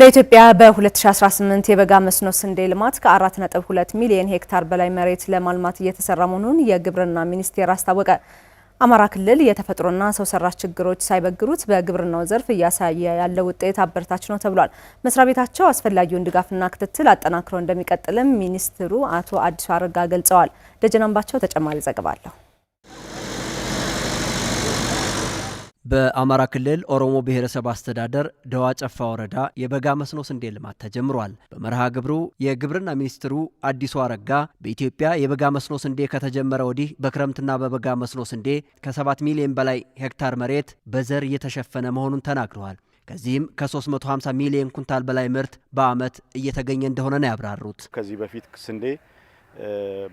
በኢትዮጵያ በ2018 የበጋ መስኖ ስንዴ ልማት ከ4.2 ሚሊዮን ሄክታር በላይ መሬት ለማልማት እየተሰራ መሆኑን የግብርና ሚኒስቴር አስታወቀ። አማራ ክልል የተፈጥሮና ሰው ሰራሽ ችግሮች ሳይበግሩት በግብርናው ዘርፍ እያሳየ ያለው ውጤት አበረታች ነው ተብሏል። መስሪያ ቤታቸው አስፈላጊውን ድጋፍና ክትትል አጠናክሮ እንደሚቀጥልም ሚኒስትሩ አቶ አዲሱ አረጋ ገልጸዋል። ደጀናምባቸው ተጨማሪ ዘገባ አለው በአማራ ክልል ኦሮሞ ብሔረሰብ አስተዳደር ደዋ ጨፋ ወረዳ የበጋ መስኖ ስንዴ ልማት ተጀምሯል። በመርሃ ግብሩ የግብርና ሚኒስትሩ አዲሱ አረጋ በኢትዮጵያ የበጋ መስኖ ስንዴ ከተጀመረ ወዲህ በክረምትና በበጋ መስኖ ስንዴ ከ7 ሚሊዮን በላይ ሄክታር መሬት በዘር እየተሸፈነ መሆኑን ተናግረዋል። ከዚህም ከ350 ሚሊዮን ኩንታል በላይ ምርት በዓመት እየተገኘ እንደሆነ ነው ያብራሩት። ከዚህ በፊት ስንዴ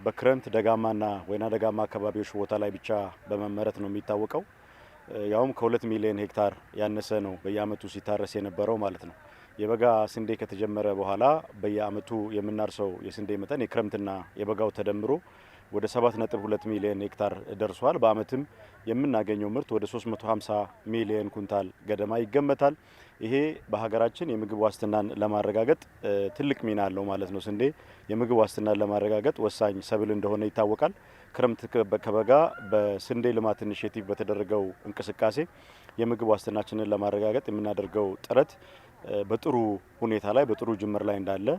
በክረምት ደጋማና ወይና ደጋማ አካባቢዎች ቦታ ላይ ብቻ በመመረት ነው የሚታወቀው ያውም ከሁለት ሚሊዮን ሄክታር ያነሰ ነው በየአመቱ ሲታረስ የነበረው ማለት ነው። የበጋ ስንዴ ከተጀመረ በኋላ በየአመቱ የምናርሰው የስንዴ መጠን የክረምትና የበጋው ተደምሮ ወደ 7.2 ሚሊዮን ሄክታር ደርሷል። በአመትም የምናገኘው ምርት ወደ 350 ሚሊዮን ኩንታል ገደማ ይገመታል። ይሄ በሀገራችን የምግብ ዋስትናን ለማረጋገጥ ትልቅ ሚና አለው ማለት ነው። ስንዴ የምግብ ዋስትናን ለማረጋገጥ ወሳኝ ሰብል እንደሆነ ይታወቃል። ክረምት ከበጋ በስንዴ ልማት ኢኒሼቲቭ በተደረገው እንቅስቃሴ የምግብ ዋስትናችንን ለማረጋገጥ የምናደርገው ጥረት በጥሩ ሁኔታ ላይ በጥሩ ጅምር ላይ እንዳለ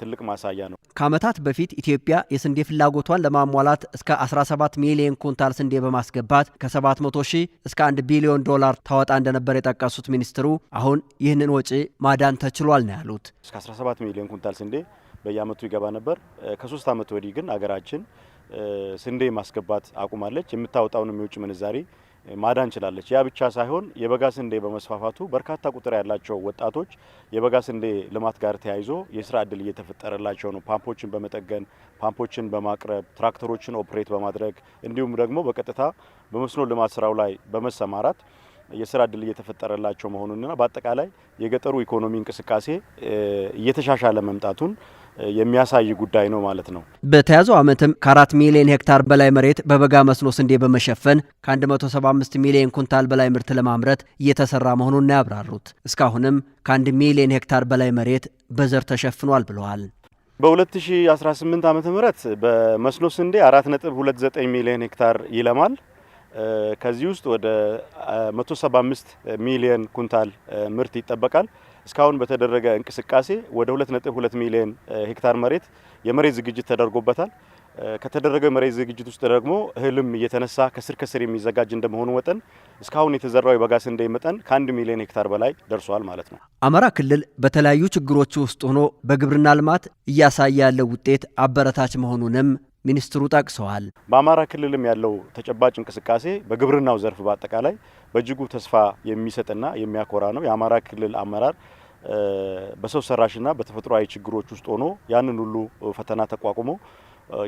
ትልቅ ማሳያ ነው። ከዓመታት በፊት ኢትዮጵያ የስንዴ ፍላጎቷን ለማሟላት እስከ 17 ሚሊዮን ኩንታል ስንዴ በማስገባት ከ700 ሺህ እስከ 1 ቢሊዮን ዶላር ታወጣ እንደነበር የጠቀሱት ሚኒስትሩ አሁን ይህንን ወጪ ማዳን ተችሏል ነው ያሉት። እስከ 17 ሚሊዮን ኩንታል ስንዴ በየዓመቱ ይገባ ነበር። ከሶስት ዓመት ወዲህ ግን አገራችን ስንዴ ማስገባት አቁማለች። የምታወጣውንም የውጭ ምንዛሪ ማዳን እንችላለች። ያ ብቻ ሳይሆን የበጋ ስንዴ በመስፋፋቱ በርካታ ቁጥር ያላቸው ወጣቶች የበጋ ስንዴ ልማት ጋር ተያይዞ የስራ እድል እየተፈጠረላቸው ነው። ፓምፖችን በመጠገን ፓምፖችን በማቅረብ ትራክተሮችን ኦፕሬት በማድረግ እንዲሁም ደግሞ በቀጥታ በመስኖ ልማት ስራው ላይ በመሰማራት የስራ እድል እየተፈጠረላቸው መሆኑንና በአጠቃላይ የገጠሩ ኢኮኖሚ እንቅስቃሴ እየተሻሻለ መምጣቱን የሚያሳይ ጉዳይ ነው ማለት ነው። በተያዘው ዓመትም ከ4 ሚሊዮን ሄክታር በላይ መሬት በበጋ መስኖ ስንዴ በመሸፈን ከ175 ሚሊዮን ኩንታል በላይ ምርት ለማምረት እየተሰራ መሆኑን ያብራሩት እስካሁንም ከ1 ሚሊዮን ሄክታር በላይ መሬት በዘር ተሸፍኗል ብለዋል። በ2018 ዓ ም በመስኖ ስንዴ 4.29 ሚሊዮን ሄክታር ይለማል። ከዚህ ውስጥ ወደ 175 ሚሊዮን ኩንታል ምርት ይጠበቃል። እስካሁን በተደረገ እንቅስቃሴ ወደ 2.2 ሚሊዮን ሄክታር መሬት የመሬት ዝግጅት ተደርጎበታል። ከተደረገው የመሬት ዝግጅት ውስጥ ደግሞ እህልም እየተነሳ ከስር ከስር የሚዘጋጅ እንደመሆኑ ወጠን እስካሁን የተዘራው የበጋ ስንዴ መጠን ከአንድ ሚሊዮን ሄክታር በላይ ደርሷል ማለት ነው። አማራ ክልል በተለያዩ ችግሮች ውስጥ ሆኖ በግብርና ልማት እያሳየ ያለው ውጤት አበረታች መሆኑንም ሚኒስትሩ ጠቅሰዋል። በአማራ ክልልም ያለው ተጨባጭ እንቅስቃሴ በግብርናው ዘርፍ በአጠቃላይ በእጅጉ ተስፋ የሚሰጥና የሚያኮራ ነው። የአማራ ክልል አመራር በሰው ሰራሽና በተፈጥሯዊ ችግሮች ውስጥ ሆኖ ያንን ሁሉ ፈተና ተቋቁሞ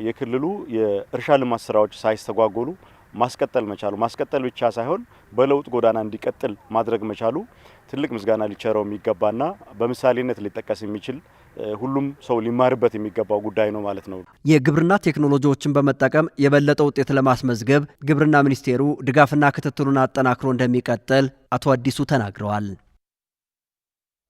የክልሉ የእርሻ ልማት ስራዎች ሳይስተጓጎሉ ማስቀጠል መቻሉ ማስቀጠል ብቻ ሳይሆን በለውጥ ጎዳና እንዲቀጥል ማድረግ መቻሉ ትልቅ ምስጋና ሊቸረው የሚገባና በምሳሌነት ሊጠቀስ የሚችል ሁሉም ሰው ሊማርበት የሚገባው ጉዳይ ነው ማለት ነው። የግብርና ቴክኖሎጂዎችን በመጠቀም የበለጠ ውጤት ለማስመዝገብ ግብርና ሚኒስቴሩ ድጋፍና ክትትሉን አጠናክሮ እንደሚቀጥል አቶ አዲሱ ተናግረዋል።